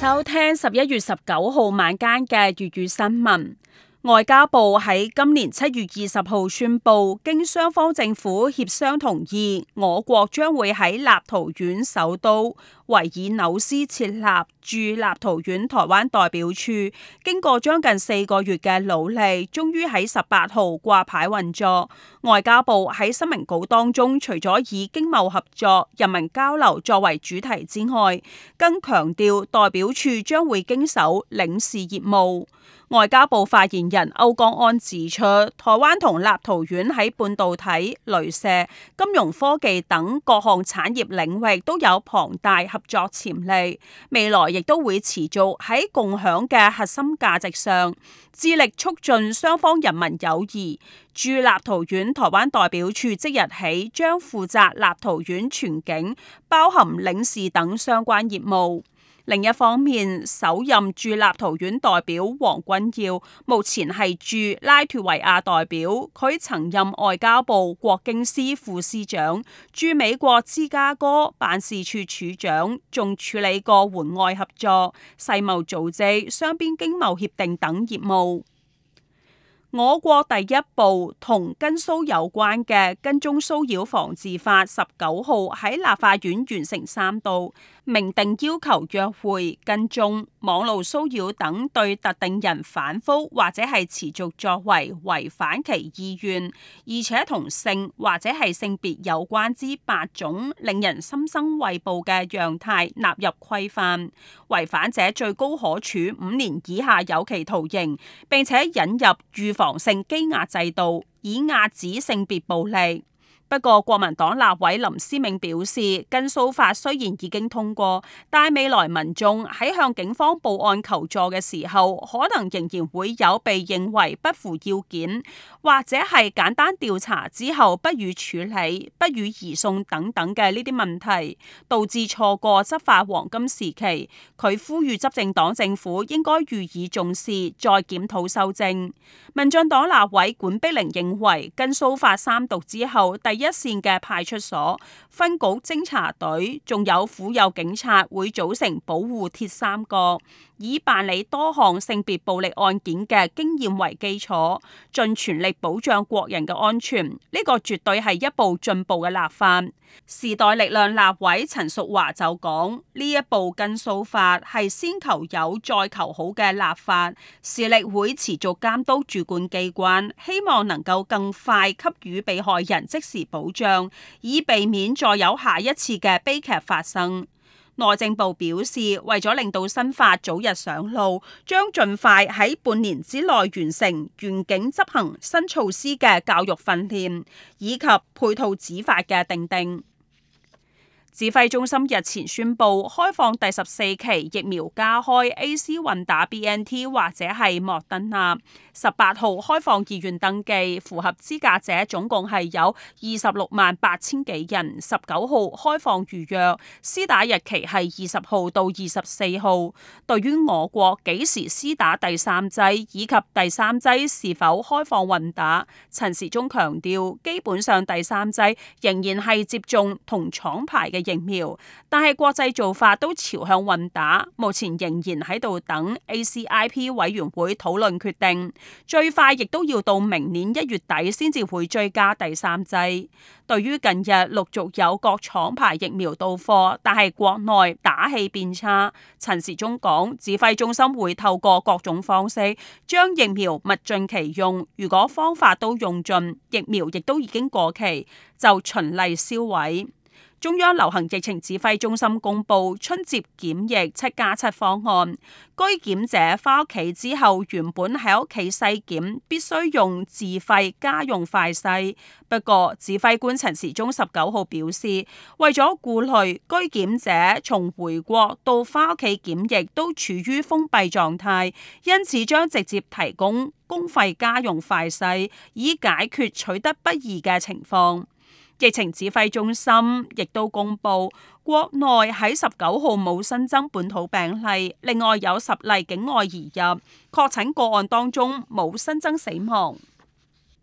收聽十一月十九號晚間嘅粵語新聞。外交部喺今年七月二十號宣布，經雙方政府協商同意，我國將會喺立陶宛首都維爾紐斯設立。駐立陶宛台灣代表處，經過將近四個月嘅努力，終於喺十八號掛牌運作。外交部喺新聞稿當中，除咗以經貿合作、人民交流作為主題之外，更強調代表處將會經手領事業務。外交部發言人歐江安指出，台灣同立陶宛喺半導體、鐳射、金融科技等各項產業領域都有龐大合作潛力，未來。亦都會持續喺共享嘅核心價值上，致力促進雙方人民友誼。駐立陶宛台灣代表處即日起將負責立陶宛全境，包含領事等相關業務。另一方面，首任駐立陶宛代表黃君耀，目前係駐拉脫維亞代表。佢曾任外交部國經司副司長、駐美國芝加哥辦事處處長，仲處理過援外合作、世貿組織、雙邊經貿協定等業務。我國第一部同跟騷有關嘅《跟蹤騷擾防制法》十九號喺立法院完成三讀。明定要求約會、跟蹤、網絡騷擾等對特定人反覆或者係持續作為違反其意願，而且同性或者係性別有關之八種令人心生畏怖嘅樣態納入規範。違反者最高可處五年以下有期徒刑，並且引入預防性羈押制度，以遏止性別暴力。不過國民黨立委林思銘表示，跟騷法雖然已經通過，但未來民眾喺向警方報案求助嘅時候，可能仍然會有被認為不符要件，或者係簡單調查之後不予處理、不予移送等等嘅呢啲問題，導致錯過執法黃金時期。佢呼籲執政黨政府應該予以重視，再檢討修正。民進黨立委管碧玲認為，跟騷法三讀之後第一。一線嘅派出所、分局、偵查隊，仲有婦幼警察會組成保護鐵三角。以辦理多項性別暴力案件嘅經驗為基礎，盡全力保障國人嘅安全，呢、這個絕對係一部進步嘅立法。時代力量立委陳淑華就講：呢一部跟騷法係先求有再求好嘅立法，時力會持續監督主管機關，希望能夠更快給予被害人即時保障，以避免再有下一次嘅悲劇發生。內政部表示，為咗令到新法早日上路，將盡快喺半年之內完成員警執行新措施嘅教育訓練，以及配套子法嘅訂定，定。指揮中心日前宣布開放第十四期疫苗加開 A、C 混打 B、N、T 或者係莫德納。十八號開放意願登記，符合資格者總共係有二十六萬八千幾人。十九號開放預約，施打日期係二十號到二十四號。對於我國幾時施打第三劑以及第三劑是否開放混打，陳時中強調，基本上第三劑仍然係接種同廠牌嘅。疫苗，但係國際做法都朝向混打，目前仍然喺度等 ACIP 委員會討論決定，最快亦都要到明年一月底先至會追加第三劑。對於近日陸續有各廠牌疫苗到貨，但係國內打氣變差，陳時中講，指揮中心會透過各種方式將疫苗物盡其用，如果方法都用盡，疫苗亦都已經過期，就循例銷毀。中央流行疫情指揮中心公布春節檢疫七加七方案，居檢者翻屋企之後，原本喺屋企細檢，必須用自費家用快篩。不過，指揮官陳時中十九號表示，為咗顧慮居檢者從回國到翻屋企檢疫都處於封閉狀態，因此將直接提供公費家用快篩，以解決取得不易嘅情況。疫情指揮中心亦都公布，國內喺十九號冇新增本土病例，另外有十例境外移入，確診個案當中冇新增死亡。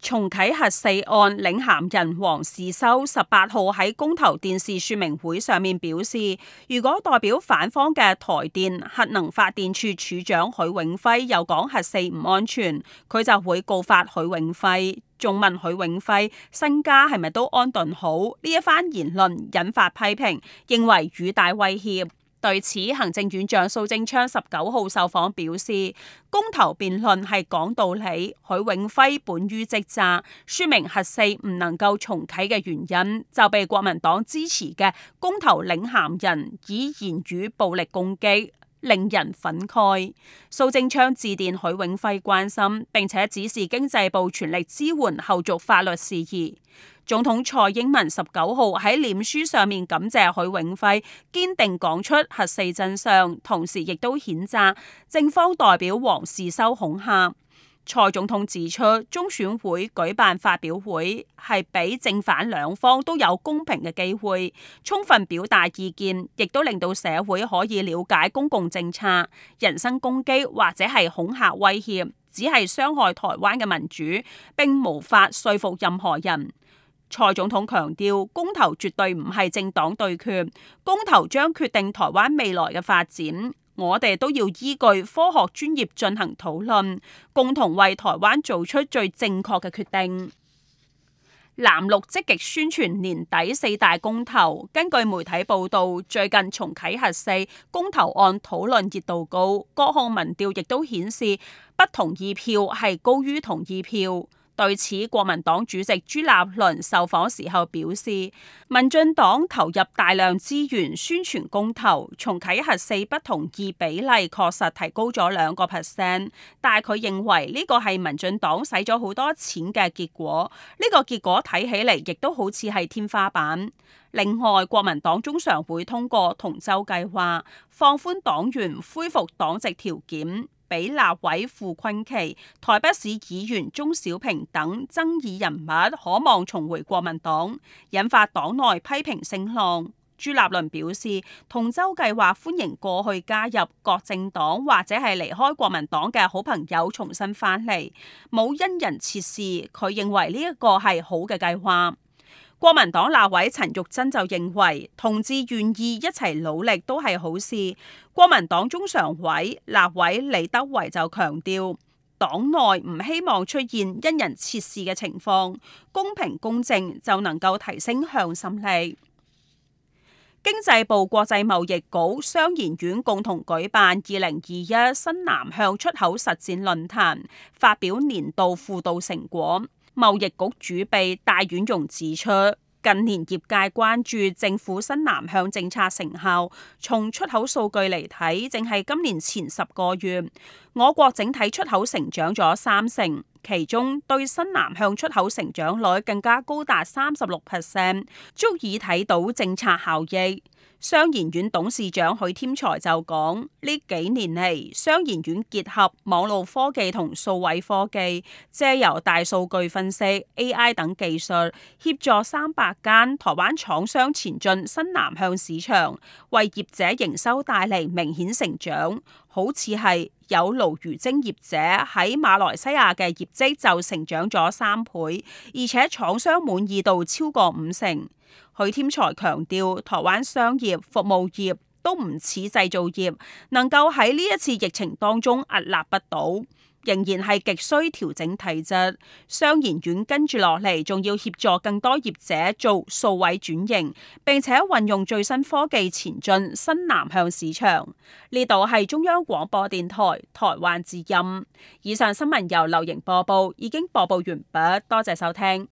重啟核四案領銜人黃士修十八號喺公投電視說明會上面表示，如果代表反方嘅台電核能發電處處長許永輝又講核四唔安全，佢就會告發許永輝，仲問許永輝身家係咪都安頓好？呢一番言論引發批評，認為語帶威脅。對此，行政院長蘇貞昌十九號受訪表示，公投辯論係講道理，許永輝本於職責說明核四唔能夠重啟嘅原因，就被國民黨支持嘅公投領銜人以言語暴力攻擊，令人憤慨。蘇貞昌致電許永輝關心，並且指示經濟部全力支援後續法律事宜。總統蔡英文十九號喺臉書上面感謝許永輝，堅定講出核四真相，同時亦都譴責正方代表黃士修恐嚇。蔡總統指出，中選會舉辦發表會係俾正反兩方都有公平嘅機會，充分表達意見，亦都令到社會可以了解公共政策。人身攻擊或者係恐嚇威脅，只係傷害台灣嘅民主，並無法說服任何人。蔡總統強調，公投絕對唔係政黨對決，公投將決定台灣未來嘅發展，我哋都要依據科學專業進行討論，共同為台灣做出最正確嘅決定。藍綠積極宣傳年底四大公投，根據媒體報導，最近重啟核四公投案討論熱度高，各項民調亦都顯示不同意票係高於同意票。對此，國民黨主席朱立倫受訪時候表示，民進黨投入大量資源宣傳公投，重啟核四不同意比例確實提高咗兩個 percent，但係佢認為呢個係民進黨使咗好多錢嘅結果，呢、呢個結果睇起嚟亦都好似係天花板。另外，國民黨中常會通過同舟計劃，放寬黨員恢復黨籍條件。比立委傅崐萁、台北市議員鍾小平等爭議人物，渴望重回國民黨，引發黨內批評聲浪。朱立倫表示，同舟計劃歡迎過去加入國政黨或者係離開國民黨嘅好朋友重新翻嚟，冇因人設事。佢認為呢一個係好嘅計劃。國民黨立委陳玉珍就認為，同志願意一齊努力都係好事。國民黨中常委立委李德維就強調，黨內唔希望出現因人設事嘅情況，公平公正就能夠提升向心力。經濟部國際貿易局、商研院共同舉辦二零二一新南向出口實戰論壇，發表年度輔導成果。貿易局主秘戴婉容指出，近年業界關注政府新南向政策成效，從出口數據嚟睇，正係今年前十個月，我國整體出口成長咗三成，其中對新南向出口成長率更加高達三十六 percent，足以睇到政策效益。商研院董事長許添財就講：呢幾年嚟，商研院結合網絡科技同數位科技，借由大數據分析、AI 等技術，協助三百間台灣廠商前進新南向市場，為業者營收帶嚟明顯成長。好似係有鱸魚精業者喺馬來西亞嘅業績就成長咗三倍，而且廠商滿意度超過五成。許添財強調，台灣商業服務業都唔似製造業能夠喺呢一次疫情當中屹立不倒，仍然係極需調整體質。商研院跟住落嚟，仲要協助更多業者做數位轉型，並且運用最新科技前進新南向市場。呢度係中央廣播電台台灣之音。以上新聞由劉瑩播報，已經播報完畢，多謝收聽。